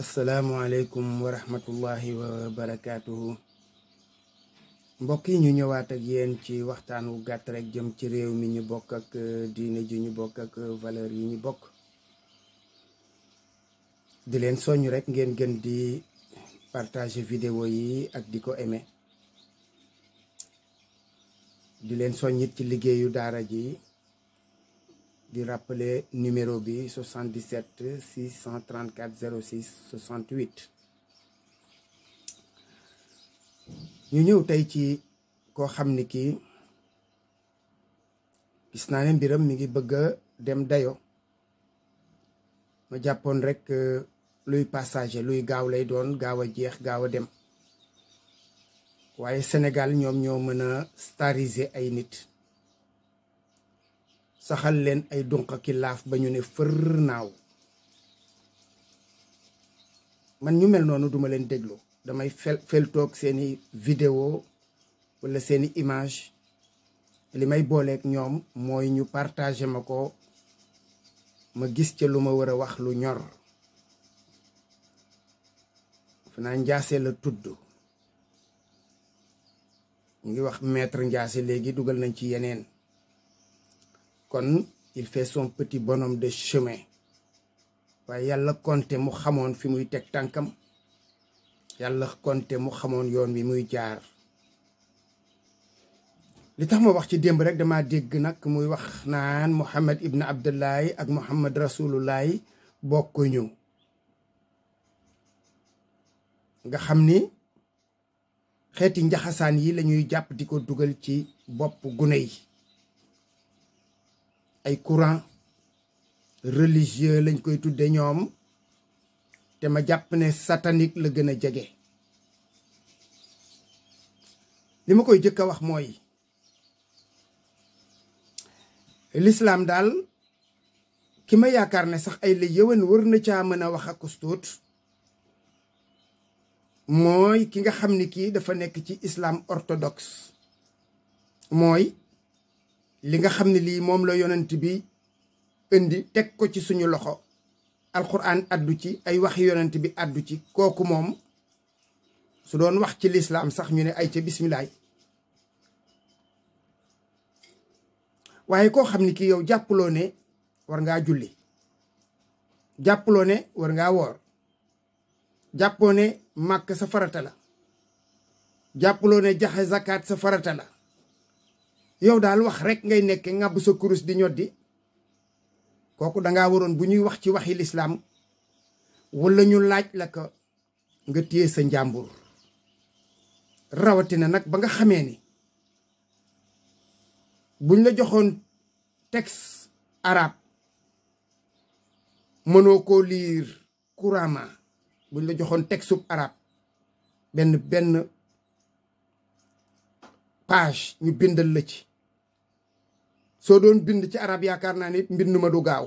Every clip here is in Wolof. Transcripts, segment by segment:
asalaamualeykum wa rahmatullahi wa barakaatuhu mbokk yi ñu ñëwaat ak yéen ci waxtaan wu gàtt rek jëm ci réew mi ñu bokk ak euh, diine ji ñu bokk ak euh, valeur yi ñu bokk di leen soññ rek ngeen gën di partage video yi ak di ko aimer di leen soññ it ci liggéeyu daara ji di rappeler numéro bi 77 634 06 68 ñu ñëw tey ci koo xam ni kii gis naa ne mbiram mi ngi bëgg a dem dayo ma jàppoon rek euh, luy passager luy gaaw lay doon gaaw a jeex gaaw a dem waaye Sénégal ñoom ñoo mën a starisé ay nit saxal leen ay dunq ki laaf ba ñu ne fër naaw man ñu mel noonu duma leen déglu damay fel feltoog seeni vidéo walla seeni image li may booleek ñoom mooy ñu partagé ma ko ma gis ca lu ma war a wax lu ñor fanaa njaase la tudd ñu ngi wax maître njaase léegi dugal nañ ci yeneen kon il fait son petit bonhomme de chemin waaye yàlla konte mu xamoon fi muy teg tànkam yàlla konte mu xamoon yoon wi muy jaar li tax ma wax ci démb rek dama dégg nag muy wax naan Muhammad ibn Abdullahi ak Muhammad Rasulullahi bokkuñu nga xam ni xeeti njaxasaan yi lañuy jàpp di ko dugal ci bopp gune yi ay courant religieux lañ koy tudde ñoom te ma jàpp ne satanique la gën a jege li ma koy jëkk a wax mooy lislaam daal ki ma yaakaar ne sax ay la yëwan wër na caa mën a wax ak kustóot mooy ki nga xam ni kii dafa nekk ci islaam orthodoxe mooy li nga xam ne lii moom la yonent bi indi teg ko ci suñu loxo alxuraan addu ci ay waxi yonent bi addu ci kooku moom su doon wax ci lislaam sax ñu ne ay ca bismillaay waaye koo xam ne kii yow jàppuloo ne war ngaa julli jàppuloo ne war ngaa woor jàppoo ne màkk sa farata la jàppuloo ne jaxe zakat sa farata la yow daal wax rek ngay nekk ngàbb sa kurus di ñoddi kooku dangaa waroon bu ñuy wax ci waxi lislaam walla ñu laaj la nga téye sa njàmbur rawatina nag ba nga xamee ni buñ la joxoon texte arabe mënoo koo liir couramment buñ la joxoon texte sub arabe benn benn page ñu bindal la ci soo doon bind ci arab yaakaar naa nit mbind ma du gaaw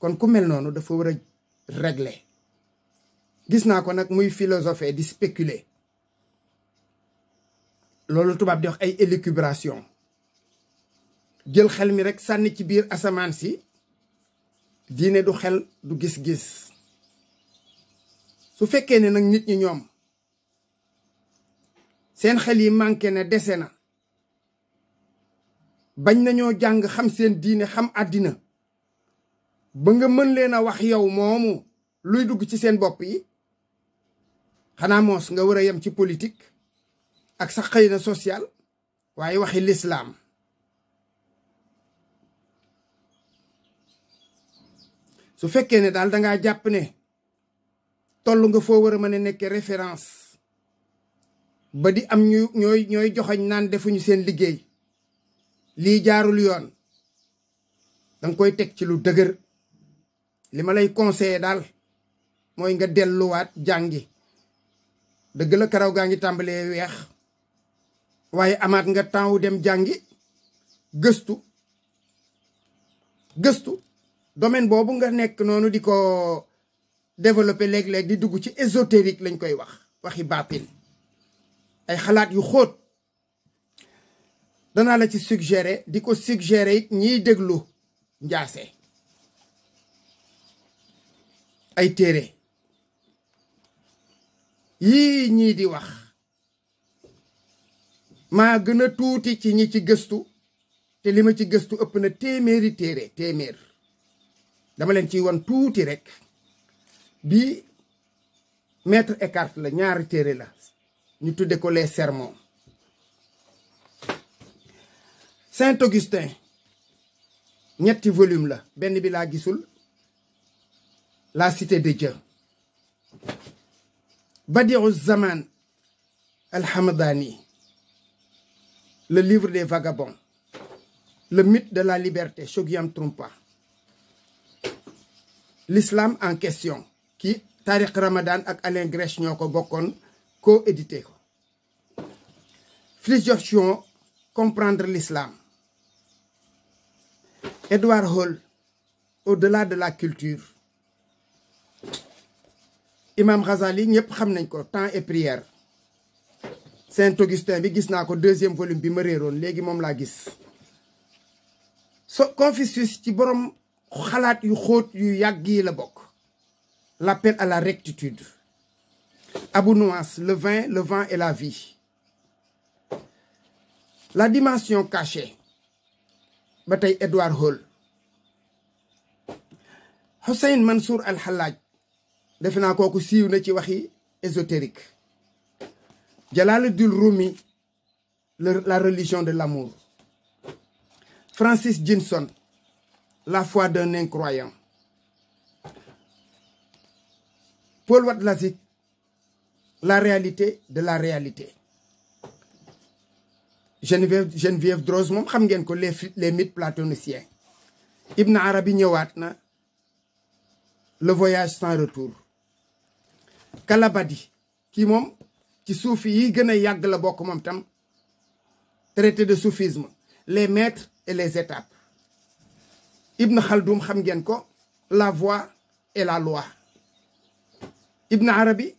kon ku mel noonu dafa war a régler gis naa ko nag muy philosophe di spéculer loolu tubaab di wax ay élucubration jël xel mi rek sànni ci biir asamaan si diine du xel du gis-gis su fekkee ne nag nit ñi ñoom seen xel yi manqué na dese na bañ nañoo jàng xam seen diine xam àddina ba nga mën leen a wax yow moomu luy dugg ci seen bopp yi xanaa moos nga war a yem ci politik ak sa xëy na social waaye waxi lislaam su fekkee ne daal dangaa jàpp ne toll nga foo war a mën a nekk référence ba di am ñu ñooy ñooy joxoñ naan defuñu seen liggéey li jaarul yoon danga koy teg ci lu dëgër li ma lay conseiller daal mooy nga delluwaat jàngi dëgg la karaw gaa ngi tàmbalee weex waaye amaat nga temps dem jàngi gëstu gëstu domaine boobu nga nekk noonu di ko développer léeg-léeg di dugg ci ésotérique lañ koy wax waxi baatin ay xalaat yu xóot danaa la ci suggérer di ko suggérer it ñiy déglu njaase ay téere yii ñii di wax maa gën a tuuti ci ñi ci gëstu te li ma ci gëstu ëpp na téeméeri téere téeméer dama leen ci wan tuuti rek bi maître Eckhart la ñaari téere la ñu tudde ko les sermons Saint-Augustin ñetti volume la benn bi laa gisul la cité de Dieu Badiru Zaman al-Hamdani le livre des vagabonds le mythe de la liberté Chogyam Trungpa l'islam en question ki Tariq Ramadan ak Alain Grèche ñoo ko bokkoon co-édité ko Philosophie comprendre l'islam Edward Hall au-delà de la culture Imam Ghazali ñëpp xam nañ ko temps et prière Saint Augustin bi gis naa ko deuxième volume bi ma réeroon léegi moom laa gis so Confucius ci borom xalaat yu xóot yu yàgg yi la bokk l'appel à la rectitude Abu Nuwas le vin le vent et la vie la dimension cachée ba tey Edouard Hall Hussein Mansour al-Hallaj defe naa kooku siiw na ci waxi ésotérique Jalaluddin Rumi la religion de l'amour Francis Jinson la foi d'un incroyant Paul Wadlazik la réalité de la réalité Geneviève Geneviève Droz moom xam ngeen ko les les mythes platoniciens Ibn Arabi ñëwaat na le voyage sans retour Kalabadi kii moom ci soufi yi gën a yàgg la bokk moom tam traité de soufisme les maîtres et les étapes Ibn Khaldoum xam ngeen ko la voie et la loi Ibn Arabi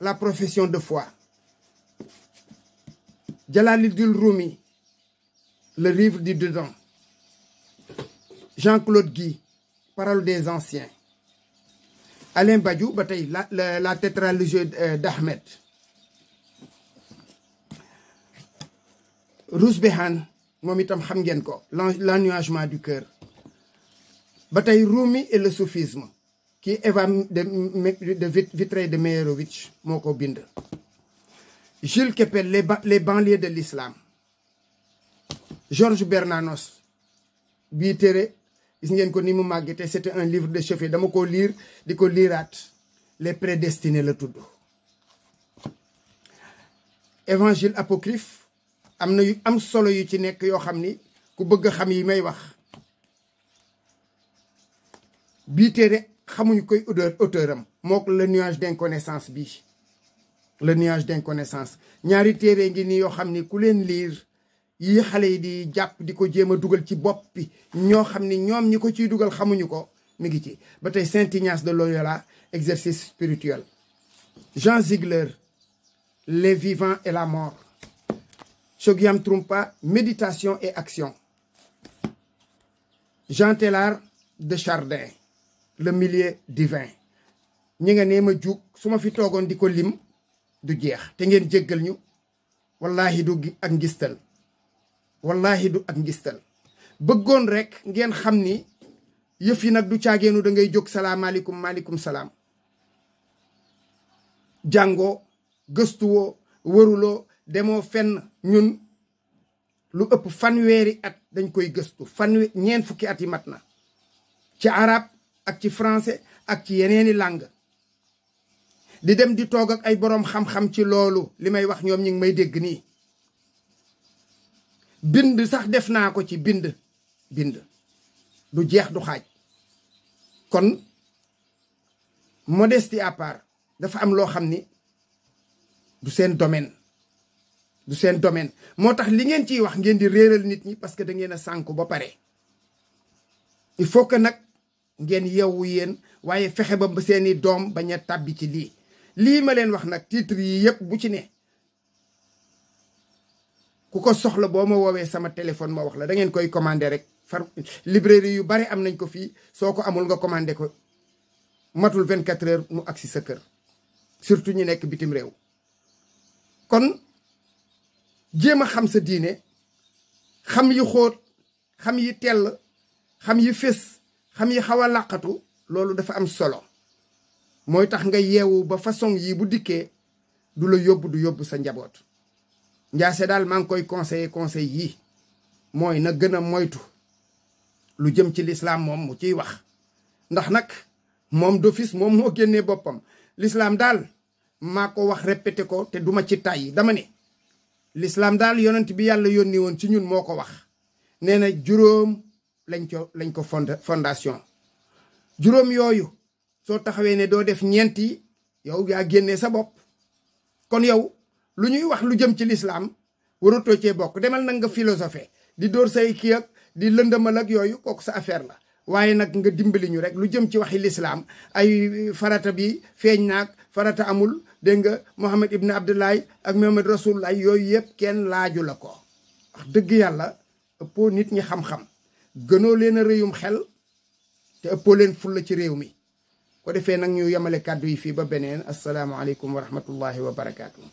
la profession de foi Djalaluddin Rumi, le livre du dedans. Jean-Claude gi parale des anciens. Alain Badiou ba tey la la, la tétralogie euh, d'Ahmed. Rousbehan moom itam xam ngeen ko l'ennuagement du cœur. ba tey Rumi et le soufisme qui Eva de de Vitray de Meyerovitch moo ko bind. Jules Kepel les, ba les banlieues de l'islam Georges Bernanos bii téere gis ngeen ko ni mu màgg te c'était un livre de chevet dama ko liir di ko liiraat les prédestinés la tudd évangile apocryphe am na yu am solo yu ci nekk yoo xam ni ku bëgg xam yi may wax bii téere xamuñu koy auteur auteuram am mook le nuage d'inconnaissance bi le nuage d'inconnaissance ñaari téere ngi nii yoo xam ni ku leen liir yii xale yi di jàpp di ko jéem a dugal ci bopp bi ñoo xam ni ñoom ñi ko ciy dugal xamuñu ko mi ngi ci ba tey Saint Ignace de Loyola exercice spirituel Jean Ziegler les vivants et la mort Chogyam Trungpa méditation et action Jean Teilhard de Chardin le milieu divin ñi nga nee ma jug su ma fi toogoon di ko lim du jeex te ngeen jéggal ñu wallahi du ak ngistal wallahi ak ngistal bëggoon rek ngeen xam ni yëf yi nag du caageenu dangay jog jóg salaamaaleykum maaleykum salaam jàngoo gëstuwoo wëruloo demoo fenn ñun lu ëpp fanweeri at dañ koy gëstu fanwe fukki at yi mat na ci arab ak ci français ak ci yeneeni lang di dem di toog ak ay boroom xam-xam ci loolu li may wax ñoom ñi ngi may dégg nii bind sax def naa ko ci bind bind du jeex du xaaj kon modestie à part dafa am loo xam ni du seen domaine du seen domaine moo tax li ngeen ciy wax ngeen di réeral nit ñi parce que da ngeen a sànku ba pare il faut que nag ngeen yewwu yéen waaye fexe ba seeni doom bañ a tàbbi ci lii lii ma leen wax nag titre yi yëpp bu ci ne ku ko soxla boo ma woowee sama téléphone ma wax la da ngeen koy commandé rek far yu bari am nañ ko fii soo ko amul nga commandé ko matul vingt 24 heures mu agsi sa kër surtout ñu nekk bitim réew kon jéem a xam sa diine xam yu xóot xam yi tell xam yi fés xam yi xaw a làqatu loolu dafa am solo mooy tax nga yeewu ba façon yii bu dikkee du la yóbbu du yóbbu sa njaboot njaase daal maa ngi koy conseiller conseil yii mooy na gën a moytu lu jëm ci lislaam moom mu ciy wax ndax nag moom d'office moom moo génnee boppam lislaam daal maa ko wax répété ko te duma ci tàyyi dama ne lislaam daal yonent bi yàlla yónni woon ci ñun moo ko wax nee na juróom lañ ko lañ ko fond juróom yooyu soo taxawee ne doo def ñeenti yow yaa génnee sa bopp kon yow lu ñuy wax lu jëm ci lislaam waratoo cee bokk demal nag nga filosofe di dóor say kii ak di lëndëmal ak yooyu kooku sa affaire la waaye nag nga dimbali ñu rek lu jëm ci waxi lislaam ay farata bi feeñ naag farata amul dégg nga Mohammed Ibn Abdullahi ak Mohammed Rasulullah yooyu yëpp kenn laaju la ko wax dëgg yàlla ëppoo nit ñi xam-xam gënoo leen a réyum xel te ëppoo leen fulla ci réew mi ko defee nag ñu yemale kàddu yi fii ba beneen asalaamaaleykum wa rahmatullahi wa barakaatu.